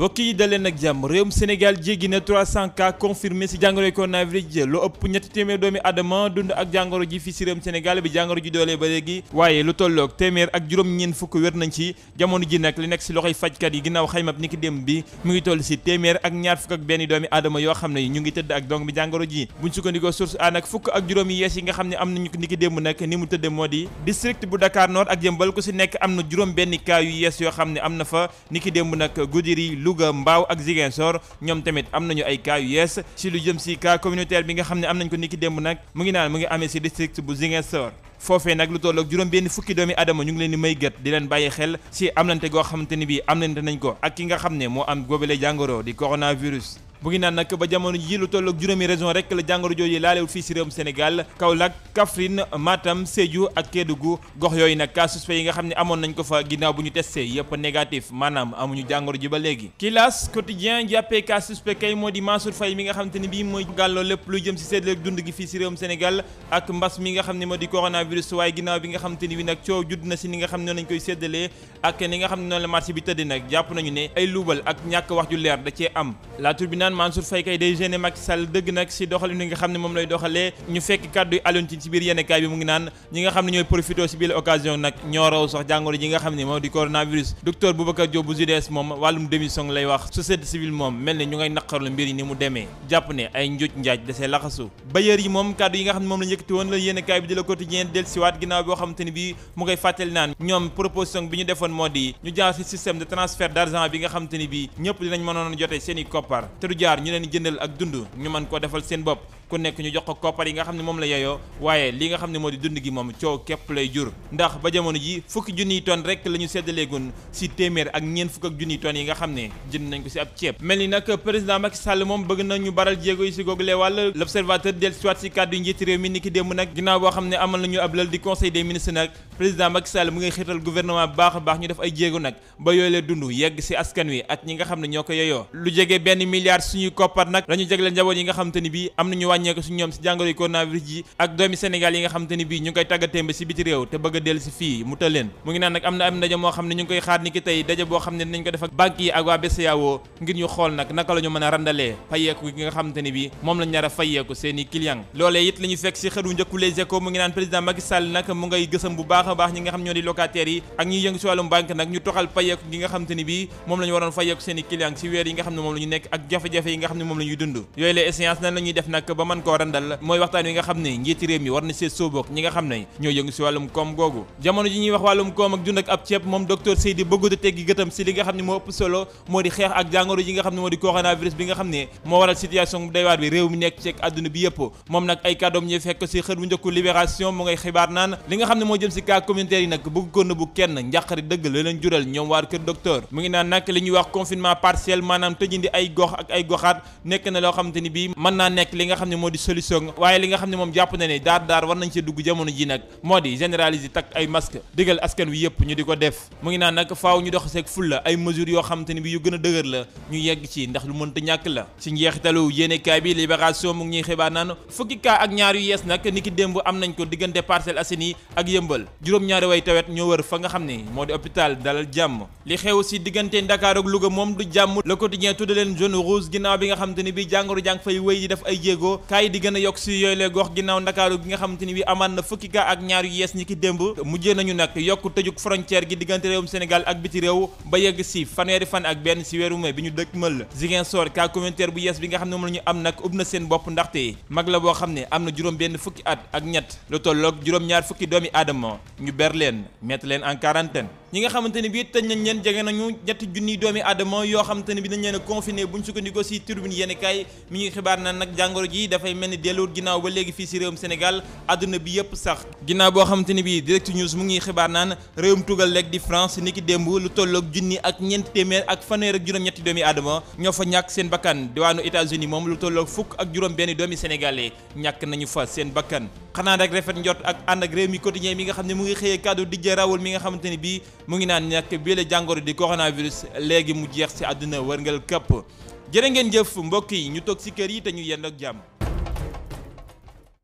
mbokk yi daleen ak jàmm réewum Sénégal jéggi na 300 cas confirmé ci jàngoro coronavirus lu ëpp ñetti téeméer doomi adama dund ak jàngoro ji fi ci réewum Sénégal bi jàngoro ji doolee ba léegi waaye lu tolloog téeméer ak juróom-ñeent fukk wér nañ ci jamono ji nag li nekk ci loxoy fajkat yi ginnaaw xaymab ni ki démb bi mu ngi toll ci téeméer ak ñaar fukk ak benn doomi aadama yoo xam ne ñu ngi tëdd ak dong bi jàngoro ji buñ sukkandikoo source a nag fukk ak juróom yi ne am nañu ni ki ni mu tëdde moo di district bu Dakar Nord ak Jëmbal ku ci nekk am na juróom benn cas yu yoo xam ne am na fa ni ki démb nag guddi Louga Mbaaw ak Ziguinchor ñoom tamit am nañu ay cas yu yees ci lu jëm si cas communautaire bi nga xam ne am nañ ko niki démb nag mu ngi naan mu ngi amee si district bu Ziguinchor foofee nag lu tolloog juróom benn fukki doomi adama ñu ngi leen di may gët di leen bàyyi xel si amlante goo xamante ni bii am amlante nañ ko ak ki nga xam ne moo am góobale jàngoro di coronavirus bu ngi naan nag ba jamono ji lu toll ak juróomi région rek la jàngoro jooju laalewul fii si réewum Sénégal Kaolack Kaffrine Matam Sédhiou ak Kédougou gox yooyu nag cas suspect yi nga xam ne amoon nañ ko fa ginnaaw bu ñu testé yëpp négatif maanaam amuñu jàngoro ji ba léegi kilaas quotidien jàppee cas suspect kay moo di Mansour Faye mi nga xam te ne bii mooy gàlloo lépp lu jëm si seedle dund gi fii si réewum Sénégal ak mbas mi nga xam ne moo di coronavirus bi nga xam ni bi nag na si xam ne noonu lañ koy ak ni nga xam ne noonu la marché bi tëdd nag jàpp nañu ne ay luubal ak ñàkk wax ju leer da cee am naan Mansour Faye kay day gêné Macky Sall dëgg nag si doxalin yi nga xam ne moom lay doxalee ñu fekk kàddu yi Alioune Tine biir yenn kaay bi mu ngi naan ñi nga xam ne ñooy profité si biir occasion nag ñoo raw sax jàngoro ji nga xam ne moo di coronavirus docteur Boubacar Diop bu JDS moom wàllum démission lay wax société civile moom mel ne ñu ngay naqarlu mbir yi ni mu demee jàpp ne ay njuuj njaaj desee laxasu bailleur yi moom kàddu yi nga xam ne moom jaar ñu leen jëndal ak dund ñu mën ko defal seen bopp ku nekk ñu jox ko koppar yi nga xam ne moom la yeyoo waaye li nga xam ne moo di dund gi moom coow képp lay jur ndax ba jamono ji fukki junniy tonn rek la ñu séddaleegun si téeméer ak ñeen fukk ak junniy tonn yi nga xam ne jënd yi nag ginnaaw boo xam ne amal nañu ab lal di conseil des ministres nag président Macky Sall mu ngi xiital gouvernement baax a baax ñu def ay jéego nag ba yoolee dund yegg si askan wi ak ñi nga xam ne ñoo ko yeyoo wàññeeku naka la mën a randalee fayeeku gi nga xam te moom lañ nekk ak jafe-jafe yi nga xam ne moom la dund yooyu la essence nan la def nag ba mën koo randal mooy waxtaan wi nga xam ne njiiti réew mi war na see sóoboog ñi nga xam ne ñoo yëngu si wàllum koom googu jamono ji ñuy wax wàllum koom ak dund ak moom docteur a mu nekk li nga xam ne moo di solution waaye li nga xam ne moom jàpp na ne daar daar war nañ ci dugg jamono ji nag moo di généraliser takk ay masque digal askan wi yëpp ñu di ko def mu ngi naan nag faaw ñu dox seeg fulla ay mesures yoo xam ne bi yu gën a dëgër la ñu yegg ci ndax lu mënta ñàkk la ci njeexitalu yéenekaay bi libération mu ngi ñuy xibaar naan fukki cas ak ñaar yu yees nag niki démb am nañ ko diggante Parcelles Assainies ak yëmbal juróom-ñaari way tawet ñoo wër kaay di gën a yokk si yooyu lee gox ginnaaw ndakaaru gi nga xamante ni bi amaan na fukki kaa ak ñaar yu yees ñi ki démb mujjee nañu nag yokk tëjuk frontière gi diggante réewum Sénégal ak biti réew ba yegg si fanweeri fan ak benn si weeru mai bi ñu dëkk mël Ziguinchor cas communautaire bu yees bi nga xam ne moom la am nag ub na seen bopp ndaxte mag la boo xam ne am na juróom benn fukki at ak ñett lu tolloog juróom-ñaar fukki doomi aadama ñu ber leen mettre leen en quarantaine ñi nga xamante ne bii tëj nañ leen jege nañu ñetti junniy doomi aadama yoo xamante ne bi dañ leen a confiné buñ sukkandikoo si turbine yéen kaay mi ngi xibaar na nag jàngoro ji dafay mel ni dellu ginnaaw ba léegi fii si réewum Sénégal àdduna bi yëpp sax ginnaaw boo xamante ne bii direct news mu ngi xibaar naan réewum tugal leeg di France niki démb lu tolloog junni ak ñeenti téeméer ak fanweer ak juróom-ñetti doomi aadama ñoo fa ñàkk seen bakkan diwaanu États-Unis moom lu tolloog fukk ak juróom benn doomi sénégalais ñàkk nañu fa seen bakkan xanaa rek rafet njot ak ànd ak réew mi quotidien mi nga xam ne mu ngi xëyee kaddu dijjë rawul mi nga xamante ne bii mu ngi naan nag bii la jàngoro di coronavirus léegi mu jeex ci àdduna wërngal këpp jërë ngeen jëf mbokk yi ñu toog ci kër yi te ñu yend ak jàmm